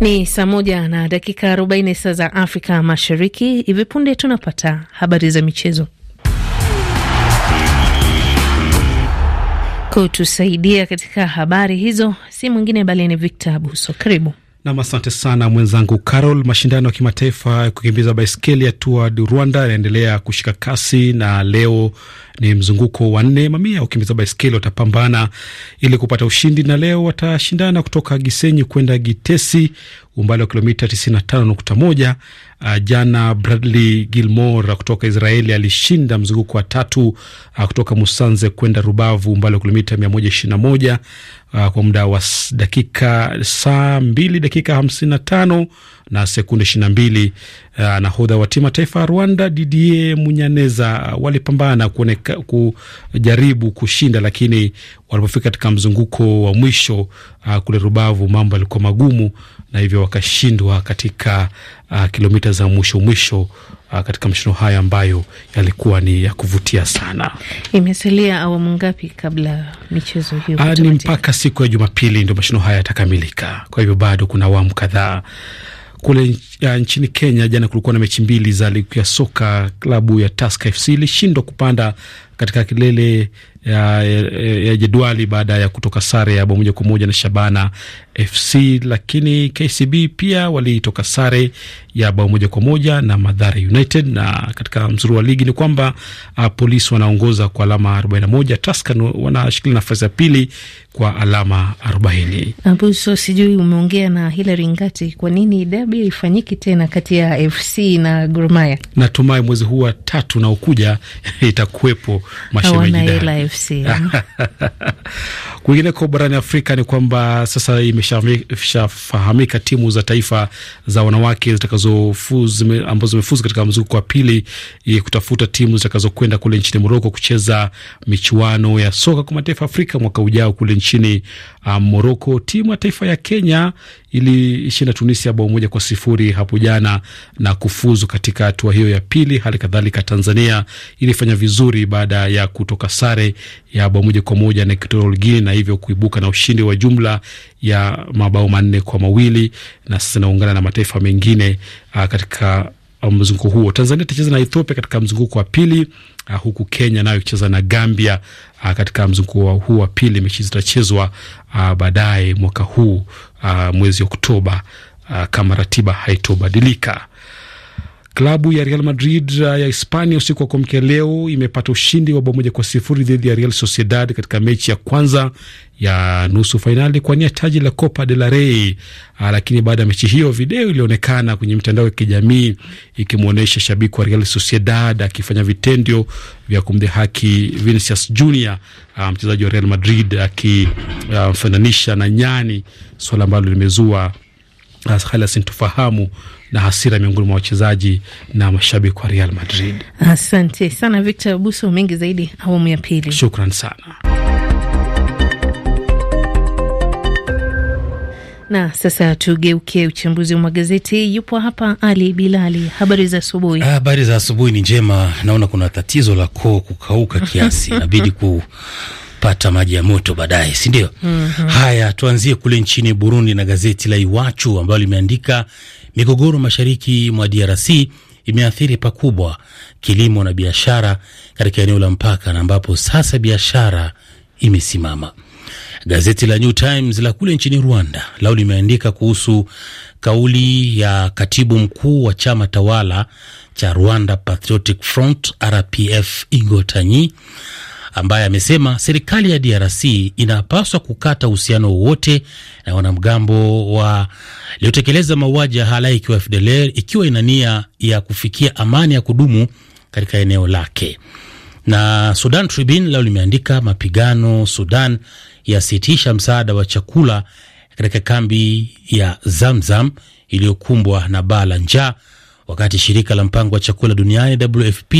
Ni saa moja na dakika arobaini saa za Afrika Mashariki. Hivi punde tunapata habari za michezo. Kutusaidia katika habari hizo si mwingine bali ni Victor Abuso. Karibu. Nam, asante sana mwenzangu Carol. Mashindano ya kimataifa ya kukimbiza baiskeli ya Tour du Rwanda yanaendelea kushika kasi na leo ni mzunguko wa nne. Mamia ya wakimbiza baiskeli watapambana ili kupata ushindi, na leo watashindana kutoka Gisenyi kwenda Gitesi, umbali wa kilomita 95.1. Uh, ah, jana Bradley Gilmore kutoka Israeli alishinda mzunguko wa tatu uh, kutoka Musanze kwenda Rubavu umbali wa kilomita 121 uh, ah, kwa muda wa dakika saa 2 dakika 55 na sekunde 22. Uh, nahodha wa timu taifa ya Rwanda Didier Munyaneza walipambana kuoneka, kujaribu kushinda, lakini walipofika katika mzunguko wa mwisho uh, kule Rubavu mambo yalikuwa magumu na hivyo wakashindwa katika uh, kilomita za mwisho mwisho uh, katika mashindano haya ambayo yalikuwa ni ya kuvutia sana. Imesalia awamu ngapi kabla michezo hiyo uh, ni mpaka siku ya Jumapili ndio mashindano haya yatakamilika, kwa hivyo bado kuna awamu kadhaa. Kule uh, nchini Kenya jana kulikuwa na mechi mbili za ligi ya soka, klabu ya Tusker FC ilishindwa kupanda katika kilele ya, ya ya jedwali baada ya kutoka sare ya bao moja kwa moja na Shabana FC, lakini KCB pia walitoka sare ya bao moja kwa moja na Madhara United. Na katika mzuru wa ligi ni kwamba uh, polisi wanaongoza kwa alama 41, Tuscan wanashikilia nafasi ya pili kwa alama 40. Abuso, sijui umeongea na Hilary Ngati, kwa nini dabi ifanyiki tena kati ya FC na Gor Mahia? Natumai mwezi huu wa tatu na ukuja itakuwepo Kwingineko barani Afrika ni kwamba sasa imeshafahamika timu za taifa za wanawake zitakazofuzu ambazo zimefuzu katika mzunguko wa pili e, kutafuta timu zitakazokwenda kule nchini Moroko kucheza michuano ya soka kwa mataifa Afrika mwaka ujao kule nchini uh, ah, Moroko. Timu ya taifa ya Kenya ilishinda Tunisia bao moja kwa sifuri hapo jana na kufuzu katika hatua hiyo ya pili. Hali kadhalika Tanzania ilifanya vizuri baada ya kutoka sare ya bao moja kwa moja na Equatorial Guinea na hivyo kuibuka na ushindi wa jumla ya mabao manne kwa mawili na sasa inaungana na mataifa mengine uh, katika ah, mzunguko huo. Tanzania itacheza na Ethiopia katika mzunguko wa pili, uh, huku Kenya nayo ikicheza na Gambia uh, katika mzunguko huu wa pili. Mechi zitachezwa uh, baadaye mwaka huu uh, mwezi Oktoba uh, kama ratiba haitobadilika. Klabu ya Real Madrid uh, ya Hispania usiku wa kuamkia leo imepata ushindi wa bao moja kwa sifuri dhidi ya Real Sociedad katika mechi ya kwanza ya nusu fainali kuwania taji la Copa de la Rey. Uh, lakini baada ya mechi hiyo, video ilionekana kwenye mitandao ya kijamii ikimwonyesha shabiki wa Real Sociedad akifanya vitendo vya kumdhihaki Vinicius Junior, uh, mchezaji um, wa Real Madrid akimfananisha uh, na nyani, swala ambalo limezua hali ya sintofahamu na hasira miongoni mwa wachezaji na mashabiki wa Real Madrid. Asante sana Victor buso mengi zaidi awamu ya pili. Shukran sana. Na sasa tugeukie uchambuzi wa magazeti. Yupo hapa Ali Bilali. Habari za asubuhi. Ah, habari za asubuhi ni njema. Naona kuna tatizo la koo kukauka kiasi, inabidi ku kupata maji ya moto baadaye, si ndio? mm -hmm. Haya, tuanzie kule nchini Burundi na gazeti la Iwachu ambalo limeandika migogoro mashariki mwa DRC imeathiri pakubwa kilimo na biashara katika eneo la mpaka na ambapo sasa biashara imesimama. Gazeti la New Times la kule nchini Rwanda lao limeandika kuhusu kauli ya katibu mkuu wa chama tawala cha Rwanda Patriotic Front RPF Ingotanyi ambaye amesema serikali ya DRC inapaswa kukata uhusiano wowote na wanamgambo waliotekeleza mauaji ya halaiki wa FDLR ikiwa ina nia ya kufikia amani ya kudumu katika eneo lake. Na Sudan Tribune lao limeandika mapigano Sudan yasitisha msaada wa chakula katika kambi ya Zamzam iliyokumbwa na baa la njaa, wakati shirika la mpango wa chakula duniani WFP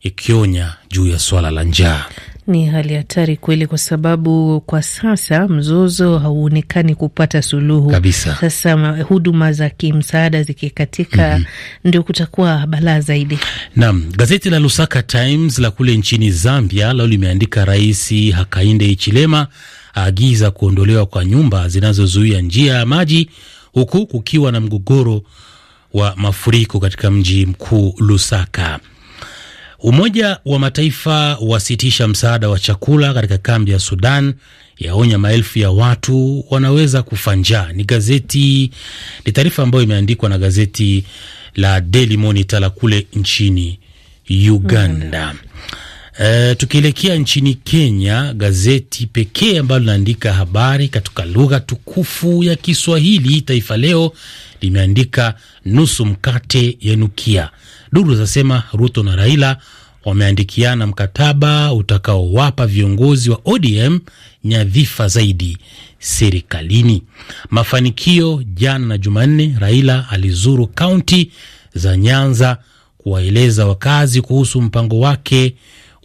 ikionya juu ya swala la njaa. Ni hali hatari kweli, kwa sababu kwa sasa mzozo hauonekani kupata suluhu kabisa. Sasa huduma za kimsaada zikikatika, mm -hmm. ndio kutakuwa balaa zaidi. Naam, gazeti la Lusaka Times la kule nchini Zambia lao limeandika Rais Hakainde Hichilema aagiza kuondolewa kwa nyumba zinazozuia njia ya maji huku kukiwa na mgogoro wa mafuriko katika mji mkuu Lusaka. Umoja wa Mataifa wasitisha msaada wa chakula katika kambi ya Sudan, yaonya maelfu ya watu wanaweza kufa njaa. Ni gazeti ni taarifa ambayo imeandikwa na gazeti la Daily Monitor la kule nchini Uganda. mm -hmm. E, tukielekea nchini Kenya, gazeti pekee ambalo linaandika habari katika lugha tukufu ya Kiswahili, Taifa Leo limeandika nusu mkate yanukia Duru zasema Ruto na Raila wameandikiana mkataba utakaowapa viongozi wa ODM nyadhifa zaidi serikalini. Mafanikio jana na Jumanne, Raila alizuru kaunti za Nyanza kuwaeleza wakazi kuhusu mpango wake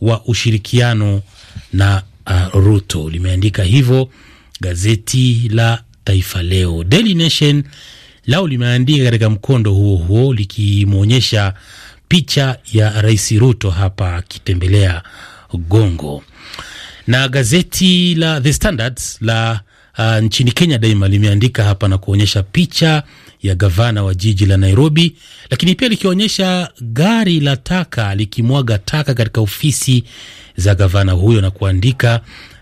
wa ushirikiano na uh, Ruto. Limeandika hivyo gazeti la Taifa Leo. Daily Nation lao limeandika katika mkondo huo huo likimwonyesha picha ya Rais Ruto hapa akitembelea Gongo. Na gazeti la The Standards la uh, nchini Kenya daima limeandika hapa na kuonyesha picha ya gavana wa jiji la Nairobi, lakini pia likionyesha gari la taka likimwaga taka katika ofisi za gavana huyo na kuandika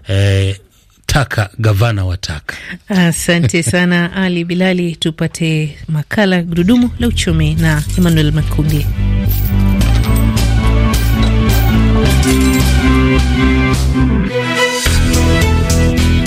eh, taka gavana wa taka. Asante sana Ali Bilali. Tupate makala gurudumu la uchumi na Emmanuel Makundi.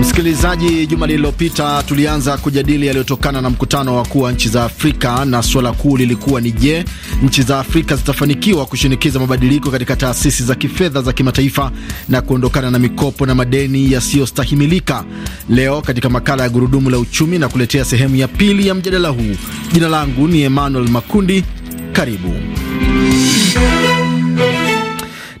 Msikilizaji, juma lililopita tulianza kujadili yaliyotokana na mkutano wa wakuu wa nchi za Afrika, na suala kuu lilikuwa ni je, nchi za Afrika zitafanikiwa kushinikiza mabadiliko katika taasisi za kifedha za kimataifa na kuondokana na mikopo na madeni yasiyostahimilika. Leo katika makala ya Gurudumu la Uchumi na kuletea sehemu ya pili ya mjadala huu. Jina langu ni Emmanuel Makundi, karibu.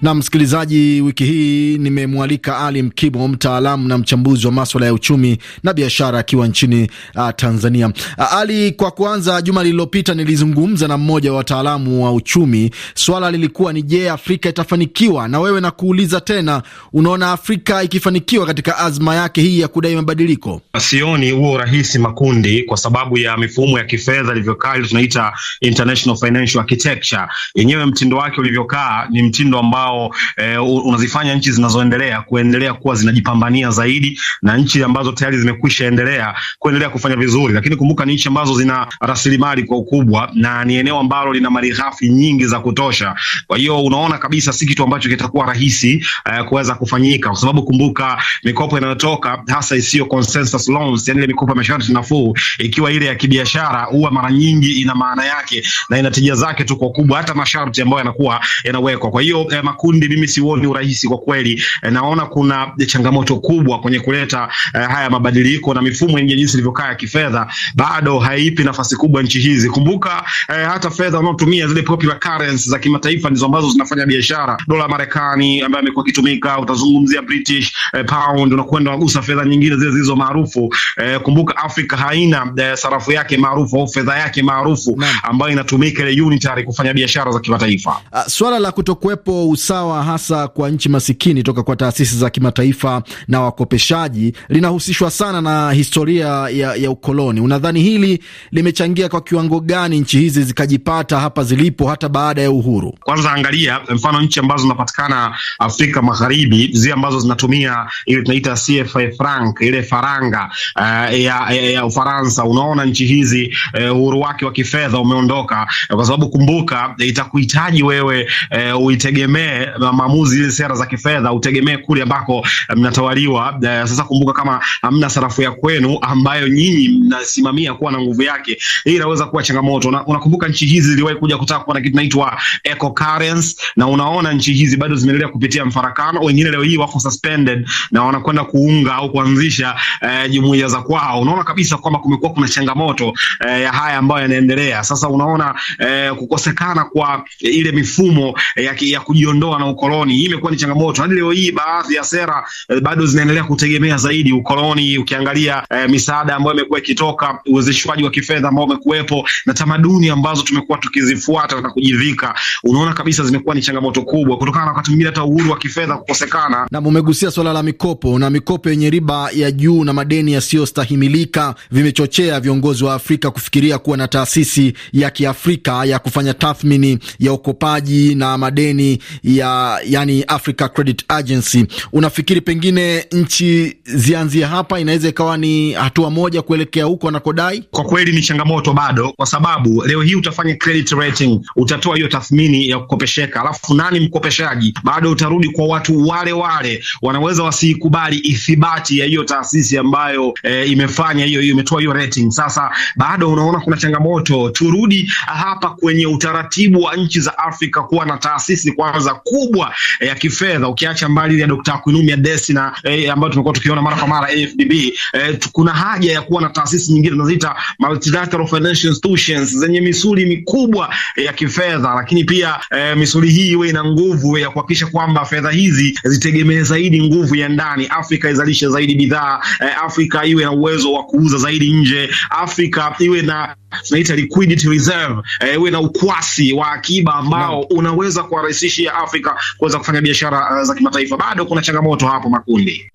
Na msikilizaji, wiki hii nimemwalika Ali Mkibo, mtaalamu na mchambuzi wa maswala ya uchumi na biashara, akiwa nchini uh, Tanzania. Uh, Ali, kwa kuanza, juma lililopita nilizungumza na mmoja wa wataalamu wa uchumi. Swala lilikuwa ni je, Afrika itafanikiwa? Na wewe nakuuliza tena, unaona Afrika ikifanikiwa katika azma yake hii ya kudai mabadiliko? Sioni huo urahisi makundi, kwa sababu ya mifumo ya kifedha ilivyokaa, ile tunaita international financial architecture yenyewe, mtindo wake ulivyokaa ni mtindo ambao ambao e, unazifanya nchi zinazoendelea kuendelea kuwa zinajipambania zaidi na nchi ambazo tayari zimekwisha endelea kuendelea kufanya vizuri, lakini kumbuka ni nchi ambazo zina rasilimali kwa ukubwa na ni eneo ambalo lina malighafi nyingi za kutosha. Kwa hiyo unaona kabisa si kitu ambacho kitakuwa rahisi e, kuweza kufanyika, kwa sababu kumbuka mikopo inayotoka hasa isiyo consensus loans, yani ile mikopo ya masharti nafuu, ikiwa ile ya kibiashara, huwa mara nyingi ina maana yake na ina tija zake tu kwa ukubwa, hata masharti ambayo yanakuwa yanawekwa. Kwa hiyo eh, makundi, mimi siuoni urahisi kwa kweli. E, Naona kuna changamoto kubwa kwenye kuleta e, haya mabadiliko, na mifumo yenye jinsi ilivyokaa ya kifedha bado haipi nafasi kubwa nchi hizi. Kumbuka e, hata fedha wanaotumia zile popular currency za kimataifa ndizo ambazo zinafanya biashara. Dola Marekani ambayo imekuwa ikitumika, utazungumzia British e, pound, unakwenda unagusa fedha nyingine zile zilizo maarufu. e, kumbuka Afrika haina e, sarafu yake maarufu au fedha yake maarufu ambayo inatumika ile unitary kufanya biashara za kimataifa. Uh, swala la kutokuwepo usawa hasa kwa nchi masikini toka kwa taasisi za kimataifa na wakopeshaji linahusishwa sana na historia ya, ya ukoloni. Unadhani hili limechangia kwa kiwango gani nchi hizi zikajipata hapa zilipo hata baada ya uhuru? Kwanza angalia mfano nchi ambazo zinapatikana Afrika Magharibi, zile ambazo zinatumia ile tunaita CFA franc, ile faranga uh, eh, ya, ya, ya Ufaransa. Unaona nchi hizi eh, uhuru wake wa kifedha umeondoka, kwa sababu kumbuka, itakuhitaji wewe uh, uitegemee utegemee eh, maamuzi hizi sera za kifedha, utegemee kule ambako eh, mnatawaliwa. Eh, sasa kumbuka, kama hamna sarafu ya kwenu ambayo nyinyi mnasimamia kuwa na nguvu yake, hii inaweza kuwa changamoto. Na unakumbuka nchi hizi ziliwahi kuja kutaka kuwa na kitu inaitwa eco currency, na unaona nchi hizi bado zimeendelea kupitia mfarakano. Wengine leo hii wako suspended na wanakwenda kuunga au kuanzisha eh, jumuiya za kwao. Unaona kabisa kwamba kumekuwa kuna changamoto eh, ya haya ambayo yanaendelea sasa. Unaona eh, kukosekana kwa ile mifumo eh, ya, ya kujiondoa ndoa na ukoloni. Hii imekuwa ni changamoto hadi leo hii, baadhi ya sera eh, bado zinaendelea kutegemea zaidi ukoloni. Ukiangalia eh, misaada ambayo imekuwa ikitoka, uwezeshwaji wa kifedha ambao umekuwepo na tamaduni ambazo tumekuwa tukizifuata na kujivika, unaona kabisa zimekuwa ni changamoto kubwa, kutokana na wakati mwingine hata uhuru wa kifedha kukosekana. Na mumegusia suala la mikopo na mikopo yenye riba ya juu na madeni yasiyostahimilika vimechochea viongozi wa Afrika kufikiria kuwa na taasisi ya Kiafrika ya kufanya tathmini ya ukopaji na madeni ya yani Africa Credit Agency. Unafikiri pengine nchi zianzie hapa, inaweza ikawa ni hatua moja kuelekea huko anakodai? Kwa kweli ni changamoto bado, kwa sababu leo hii utafanya credit rating, utatoa hiyo tathmini ya kukopesheka, alafu nani mkopeshaji? Bado utarudi kwa watu wale wale, wanaweza wasiikubali ithibati ya hiyo taasisi ambayo e, imefanya hiyo hiyo imetoa hiyo rating. Sasa bado unaona kuna changamoto, turudi hapa kwenye utaratibu wa nchi za Afrika kuwa na taasisi kwanza makubwa eh, ya kifedha, ukiacha mbali ile ya Dr. ya Desi na eh, ambayo tumekuwa tukiona mara kwa mara AFDB, eh, kuna haja ya kuwa na taasisi nyingine tunaziita multilateral financial institutions zenye misuli mikubwa eh, ya kifedha, lakini pia eh, misuli hii iwe ina nguvu ya kuhakikisha kwamba fedha hizi zitegemee zaidi nguvu ya ndani, Afrika izalishe zaidi bidhaa eh, Afrika iwe na uwezo wa kuuza zaidi nje, Afrika iwe na tunaita liquidity reserve eh, iwe eh, na ukwasi wa akiba ambao no. unaweza kuwarahisishia Afrika Afrika kuweza kufanya biashara eh, za kimataifa. Bado kuna changamoto hapo, makundi.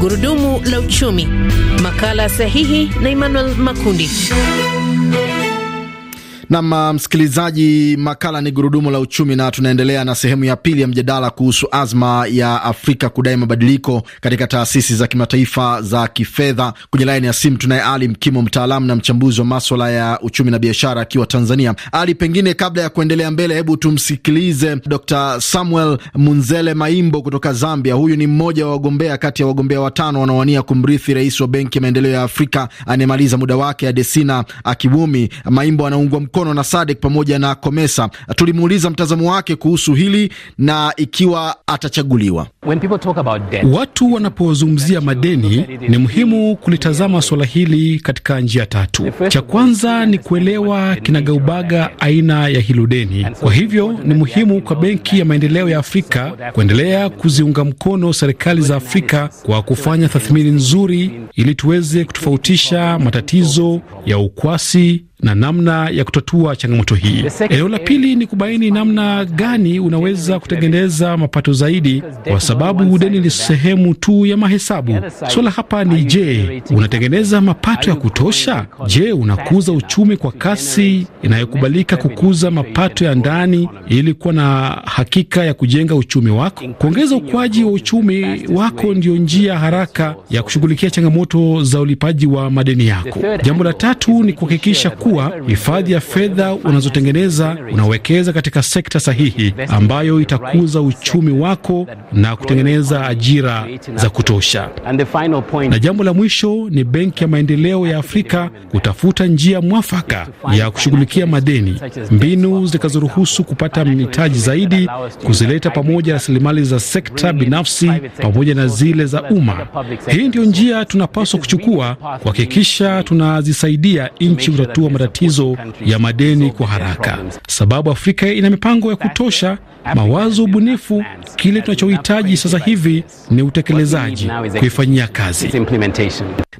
Gurudumu la uchumi, makala sahihi na Emmanuel Makundi. Nam msikilizaji, makala ni gurudumu la uchumi, na tunaendelea na sehemu ya pili ya mjadala kuhusu azma ya Afrika kudai mabadiliko katika taasisi za kimataifa za kifedha. Kwenye laini ya simu tunaye Ali Mkimo, mtaalamu na mchambuzi wa maswala ya uchumi na biashara, akiwa Tanzania. Ali, pengine kabla ya kuendelea mbele, hebu tumsikilize Dr Samuel Munzele Maimbo kutoka Zambia. Huyu ni mmoja wa wagombea kati ya wagombea watano wanaowania kumrithi rais wa Benki ya Maendeleo ya Afrika anayemaliza muda wake Adesina Akiwumi. Maimbo anaungwa mkono mkono na Sadek pamoja na Komesa. Tulimuuliza mtazamo wake kuhusu hili na ikiwa atachaguliwa. Watu wanapozungumzia madeni, ni muhimu kulitazama suala hili katika njia tatu. Cha kwanza ni kuelewa kinagaubaga aina ya hilo deni. Kwa hivyo ni muhimu kwa Benki ya Maendeleo ya Afrika kuendelea kuziunga mkono serikali za Afrika kwa kufanya tathmini nzuri, ili tuweze kutofautisha matatizo ya ukwasi na namna ya kutatua changamoto hii. Eneo la pili ni kubaini namna gani unaweza kutengeneza mapato zaidi, kwa sababu deni ni sehemu tu ya mahesabu. swala hapa ni je, unatengeneza mapato ya kutosha? Je, unakuza uchumi kwa kasi inayokubalika kukuza mapato ya ndani ili kuwa na hakika ya kujenga uchumi wako? Kuongeza ukuaji wa uchumi wako ndiyo njia haraka ya kushughulikia changamoto za ulipaji wa madeni yako. Jambo la tatu ni kuhakikisha kuwa hifadhi ya fedha unazotengeneza unawekeza katika sekta sahihi ambayo itakuza uchumi wako na kutengeneza ajira za kutosha. Na jambo la mwisho ni Benki ya Maendeleo ya Afrika kutafuta njia mwafaka ya kushughulikia madeni, mbinu zitakazoruhusu kupata mitaji zaidi, kuzileta pamoja rasilimali za sekta binafsi pamoja na zile za umma. Hii ndiyo njia tunapaswa kuchukua kuhakikisha tunazisaidia nchi kutatua matatizo ya madeni kwa haraka, sababu Afrika ina mipango ya kutosha, mawazo, ubunifu. Kile tunachohitaji sasa hivi ni utekelezaji, kuifanyia kazi.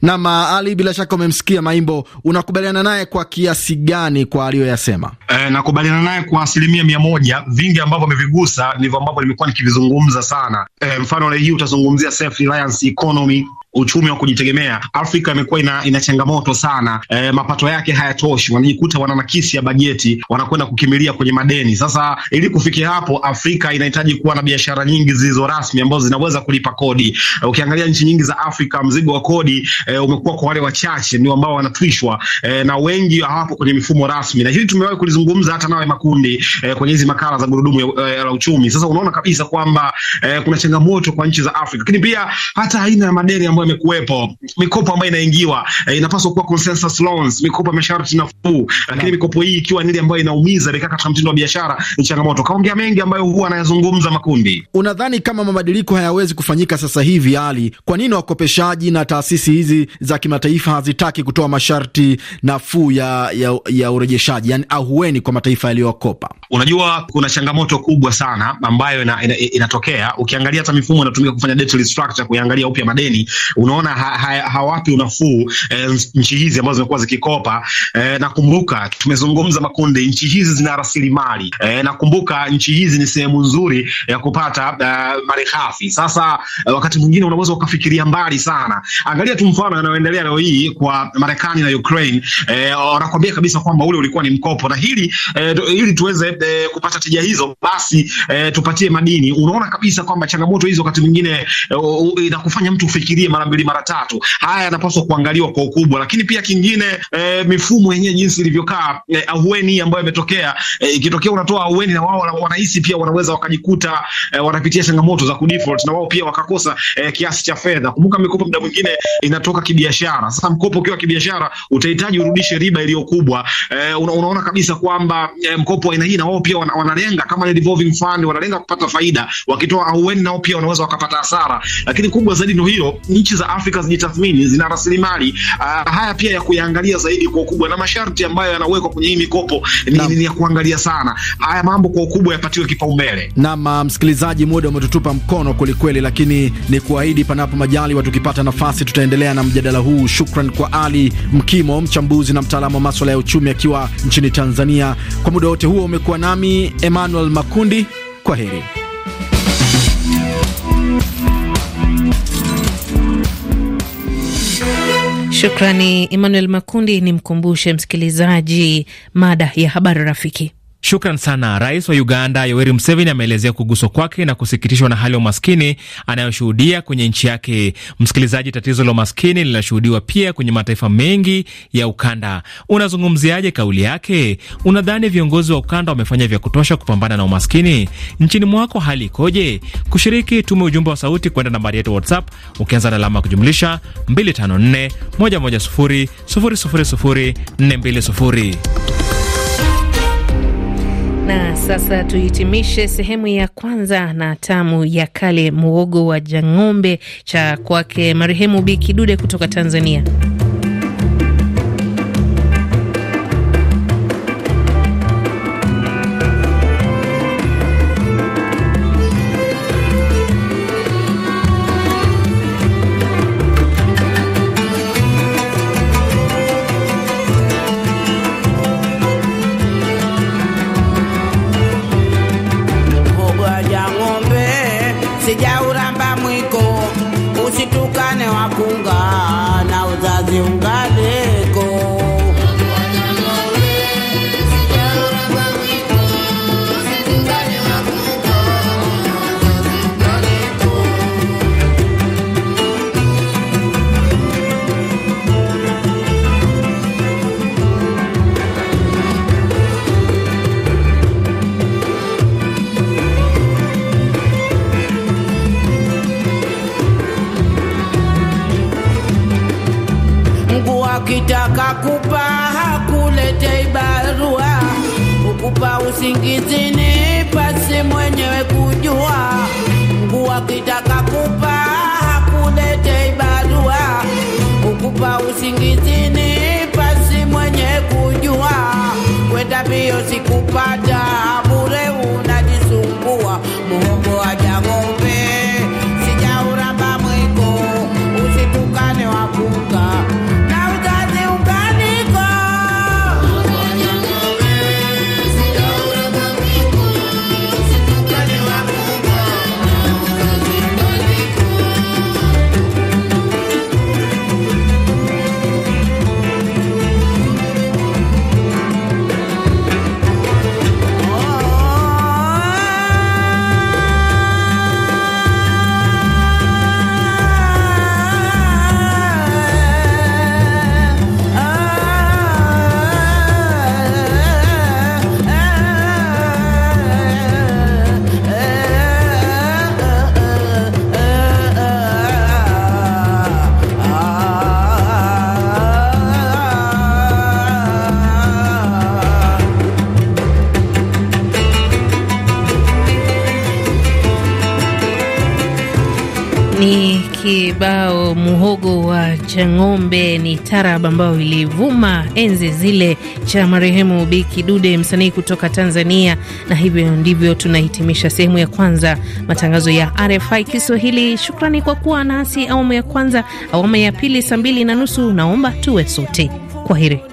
Nam Ali, bila shaka umemsikia Maimbo, unakubaliana naye kwa kiasi gani kwa aliyoyasema? E, nakubaliana naye kwa asilimia mia moja. Vingi ambavyo amevigusa ndivyo ambavyo nimekuwa nikivizungumza sana. E, mfano leo hii utazungumzia self reliance economy, uchumi wa kujitegemea. Afrika imekuwa ina, ina changamoto sana. E, mapato yake hayato hawatoshi, wanajikuta wana nakisi ya bajeti, wanakwenda kukimilia kwenye madeni. Sasa ili kufikia hapo, Afrika inahitaji kuwa na biashara nyingi zilizo rasmi ambazo zinaweza kulipa kodi. Eh, ukiangalia nchi nyingi za Afrika, mzigo wa kodi e, umekuwa kwa wale wachache ndio ambao wanatwishwa e, na wengi hawapo kwenye mifumo rasmi, na hili tumewahi kulizungumza hata nawe makundi e, kwenye hizi makala za gurudumu e, la uchumi. Sasa unaona kabisa kwamba e, kuna changamoto kwa nchi za Afrika, lakini pia hata aina ya madeni ambayo yamekuwepo, mikopo ambayo inaingiwa e, inapaswa kuwa consensus loans, mikopo ya masharti nafuu, lakini mikopo hii ikiwa ni ile ambayo inaumiza imekaa katika mtindo wa biashara ni changamoto. Kaongea mengi ambayo huwa anayazungumza Makundi. Unadhani kama mabadiliko hayawezi kufanyika sasa hivi, Ali, kwa nini wakopeshaji na taasisi hizi za kimataifa hazitaki kutoa masharti nafuu ya, ya, ya urejeshaji, yani ahueni kwa mataifa yaliyokopa? Unajua, kuna changamoto kubwa sana ambayo ina, ina, inatokea. Ukiangalia hata mifumo inatumika kufanya debt restructure, kuangalia upya madeni, unaona ha, ha, hawapi unafuu eh, nchi hizi ambazo zimekuwa zikikopa E, nakumbuka tumezungumza makunde, nchi hizi zina rasilimali e, nakumbuka nchi hizi ni sehemu nzuri ya kupata uh, eh, malighafi. Sasa uh, wakati mwingine unaweza ukafikiria mbali sana. Angalia tu mfano yanayoendelea leo hii kwa Marekani na Ukraine, wanakwambia e, kabisa kwamba ule ulikuwa ni mkopo, na hili e, ili tuweze e, kupata tija hizo, basi e, tupatie madini. Unaona kabisa kwamba changamoto hizo wakati mwingine inakufanya mtu ufikirie mara mbili mara tatu. Haya yanapaswa kuangaliwa kwa ukubwa, lakini pia kingine e, mifumo mwenyewe jinsi ilivyokaa eh, ahueni ambayo imetokea eh, ikitokea unatoa ahueni na wao wanahisi pia wanaweza wakajikuta eh, wanapitia changamoto za kudefault na wao pia wakakosa eh, kiasi cha fedha. Kumbuka mikopo muda mwingine inatoka kibiashara. Sasa mkopo ukiwa kibiashara utahitaji urudishe riba iliyo kubwa. Eh, una, unaona kabisa kwamba eh, mkopo aina hii na wao pia wanalenga kama revolving fund wanalenga kupata faida. Wakitoa ahueni nao pia wanaweza wakapata hasara. Lakini kubwa zaidi ndio hilo, nchi za Afrika zijitathmini, zina rasilimali uh, haya pia ya kuyaangalia zaidi kwa ukubwa na masharti ambayo yanawekwa kwenye hii mikopo ni, ni ya kuangalia sana haya mambo kwa ukubwa yapatiwe kipaumbele. Naam, ah, msikilizaji, muda umetutupa mkono kwelikweli, lakini ni kuahidi, panapo majali watu tukipata nafasi tutaendelea na mjadala huu. Shukran kwa Ali Mkimo, mchambuzi na mtaalamu wa maswala ya uchumi akiwa nchini Tanzania. Kwa muda wote huo umekuwa nami Emmanuel Makundi, kwa heri. Shukrani Emmanuel Makundi. Ni mkumbushe msikilizaji mada ya habari rafiki. Shukran sana. Rais wa Uganda Yoweri Museveni ameelezea kuguswa kwake na kusikitishwa na hali ya umaskini anayoshuhudia kwenye nchi yake. Msikilizaji, tatizo la umaskini linashuhudiwa pia kwenye mataifa mengi ya ukanda. Unazungumziaje kauli yake? Unadhani viongozi wa ukanda wamefanya vya kutosha kupambana na umaskini? Nchini mwako hali ikoje? Kushiriki, tume ujumbe wa sauti kwenda nambari yetu WhatsApp ukianza na alama ya kujumlisha 254 110 000 420. Sasa tuhitimishe sehemu ya kwanza na tamu ya kale, muogo wa jang'ombe cha kwake marehemu Bi Kidude kutoka Tanzania. Y ya ahora wakitaka kupa hakuletei barua, ukupa usingizini pasi mwenyewe kujua. Mungu wakitaka kupa hakuletei barua, ukupa usingizini pasi mwenyewe kujua. Kwenda mbio sikupata bure, unajisumbua muhogo ajamoo ni kibao muhogo wa Chang'ombe, ni tarab ambayo ilivuma enzi zile cha marehemu biki dude msanii kutoka Tanzania. Na hivyo ndivyo tunahitimisha sehemu ya kwanza matangazo ya RFI Kiswahili. Shukrani kwa kuwa nasi awamu ya kwanza. Awamu ya pili saa mbili na nusu, naomba tuwe sote. kwa heri